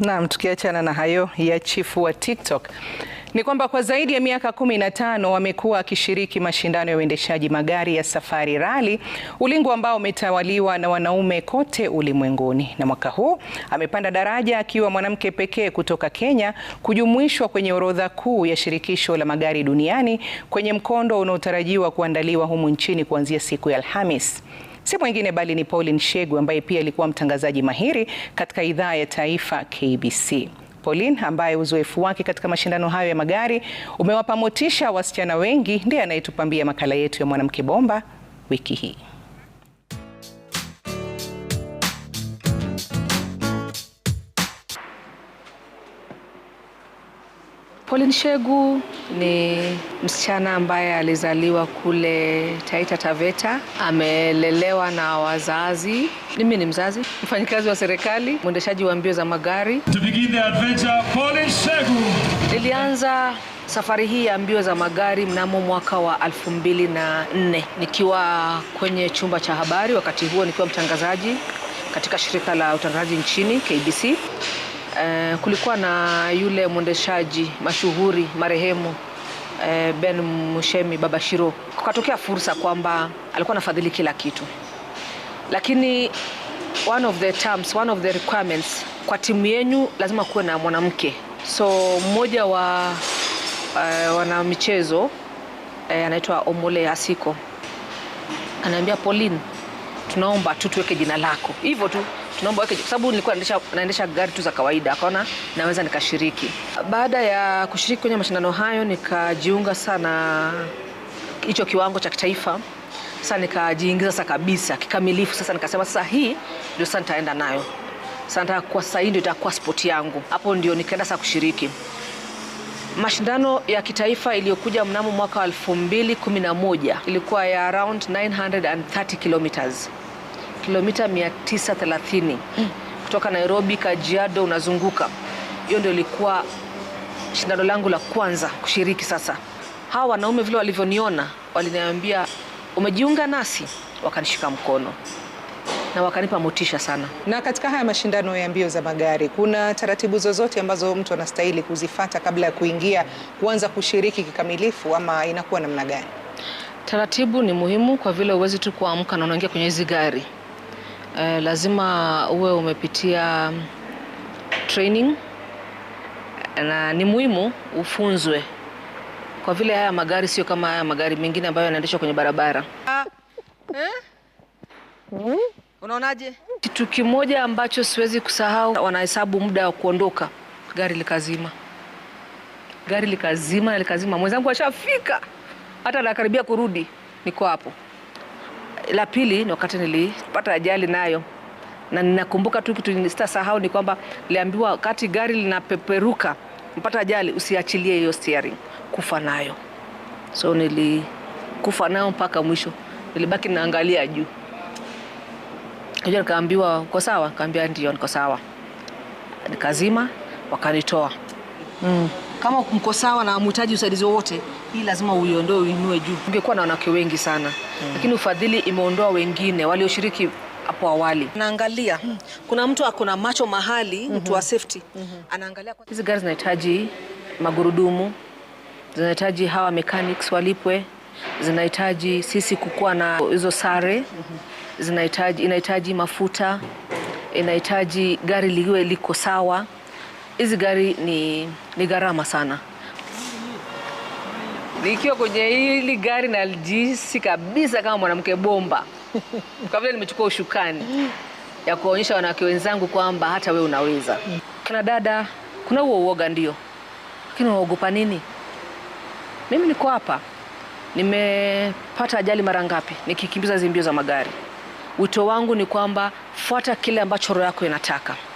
Naam, tukiachana na hayo ya chifu wa TikTok ni kwamba kwa zaidi ya miaka kumi na tano wamekuwa akishiriki mashindano ya uendeshaji magari ya Safari Rally, ulingo ambao umetawaliwa na wanaume kote ulimwenguni. Na mwaka huu amepanda daraja akiwa mwanamke pekee kutoka Kenya kujumuishwa kwenye orodha kuu ya shirikisho la magari duniani kwenye mkondo unaotarajiwa kuandaliwa humu nchini kuanzia siku ya Alhamis si mwingine bali ni Pauline Shegu ambaye pia alikuwa mtangazaji mahiri katika idhaa ya taifa KBC. Pauline ambaye uzoefu wake katika mashindano hayo ya magari umewapa motisha wasichana wengi, ndiye anayetupambia makala yetu ya Mwanamke Bomba wiki hii. Pauline Shegu ni msichana ambaye alizaliwa kule Taita Taveta, amelelewa na wazazi. Mimi ni mzazi, mfanyikazi wa serikali, mwendeshaji wa mbio za magari. To begin the adventure, Pauline Shegu. Nilianza safari hii ya mbio za magari mnamo mwaka wa 2004 nikiwa kwenye chumba cha habari, wakati huo nikiwa mtangazaji katika shirika la utangazaji nchini KBC eh, kulikuwa na yule mwendeshaji mashuhuri marehemu eh, Ben Mushemi Babashiro, kukatokea fursa kwamba alikuwa anafadhili kila kitu, lakini one of the terms, one of the requirements kwa timu yenyu lazima kuwe na mwanamke. So mmoja wa uh, wanamichezo eh, anaitwa Omole Asiko anaambia Pauline, tunaomba tu tuweke jina lako hivyo tu tunaomba weke, kwa sababu nilikuwa naendesha, naendesha gari tu za kawaida, akaona naweza nikashiriki. Baada ya kushiriki kwenye mashindano hayo, nikajiunga sana hicho kiwango cha kitaifa sasa nikajiingiza sasa kabisa kikamilifu. Sasa nikasema sasa hii ndio sasa nitaenda nayo sasa, kwa kuwa sasa hii ndio itakuwa sport yangu. Hapo ndio nikaenda sasa kushiriki mashindano ya kitaifa iliyokuja mnamo mwaka wa 2011 ilikuwa ya around 930 kilometers kilomita 930 mm. kutoka Nairobi Kajiado, unazunguka. Hiyo ndio ilikuwa shindano langu la kwanza kushiriki. Sasa hawa wanaume vile walivyoniona, waliniambia umejiunga nasi, wakanishika mkono na wakanipa motisha sana. Na katika haya mashindano ya mbio za magari, kuna taratibu zozote ambazo mtu anastahili kuzifata kabla ya kuingia kuanza kushiriki kikamilifu, ama inakuwa namna gani? Taratibu ni muhimu kwa vile uwezi tu kuamka na unaingia kwenye hizi gari eh, lazima uwe umepitia training na ni muhimu ufunzwe, kwa vile haya magari sio kama haya magari mengine ambayo yanaendeshwa kwenye barabara. Ah, eh? Unaonaje? Kitu kimoja ambacho siwezi kusahau, wanahesabu muda wa kuondoka, gari likazima, gari likazima na likazima. Mwenzangu ashafika, hata anakaribia kurudi, niko hapo. La pili ni wakati nilipata ajali nayo, na ninakumbuka tu kitu sitasahau ni kwamba niliambiwa wakati gari linapeperuka, mpata ajali, usiachilie hiyo steering, kufa nayo. So nilikufa nayo mpaka mwisho, nilibaki naangalia juu kaja nikaambiwa uko sawa, nikaambia ndio niko sawa, nikazima wakanitoa mm. Kama mko sawa na mhitaji usaidizi wowote, hii lazima uiondoe, uinue juu. Ungekuwa na wanawake wengi sana mm. Lakini ufadhili imeondoa wengine walioshiriki hapo awali. Naangalia hmm. kuna mtu akona macho mahali mm -hmm. mtu wa safety mm -hmm. anaangalia hizi gari zinahitaji magurudumu, zinahitaji hawa mechanics walipwe, zinahitaji sisi kukuwa na hizo sare mm -hmm. zinahitaji, inahitaji mafuta, inahitaji gari liwe liko sawa hizi gari ni, ni gharama sana. Nikiwa kwenye hili gari najihisi kabisa kama mwanamke bomba kwa vile nimechukua ushukani ya kuwaonyesha wanawake wenzangu kwamba hata we unaweza. Kina dada, kuna huo uoga ndio, lakini unaogopa nini? Mimi niko hapa, nimepata ajali mara ngapi nikikimbiza hizi mbio za magari. Wito wangu ni kwamba fuata kile ambacho roho yako inataka.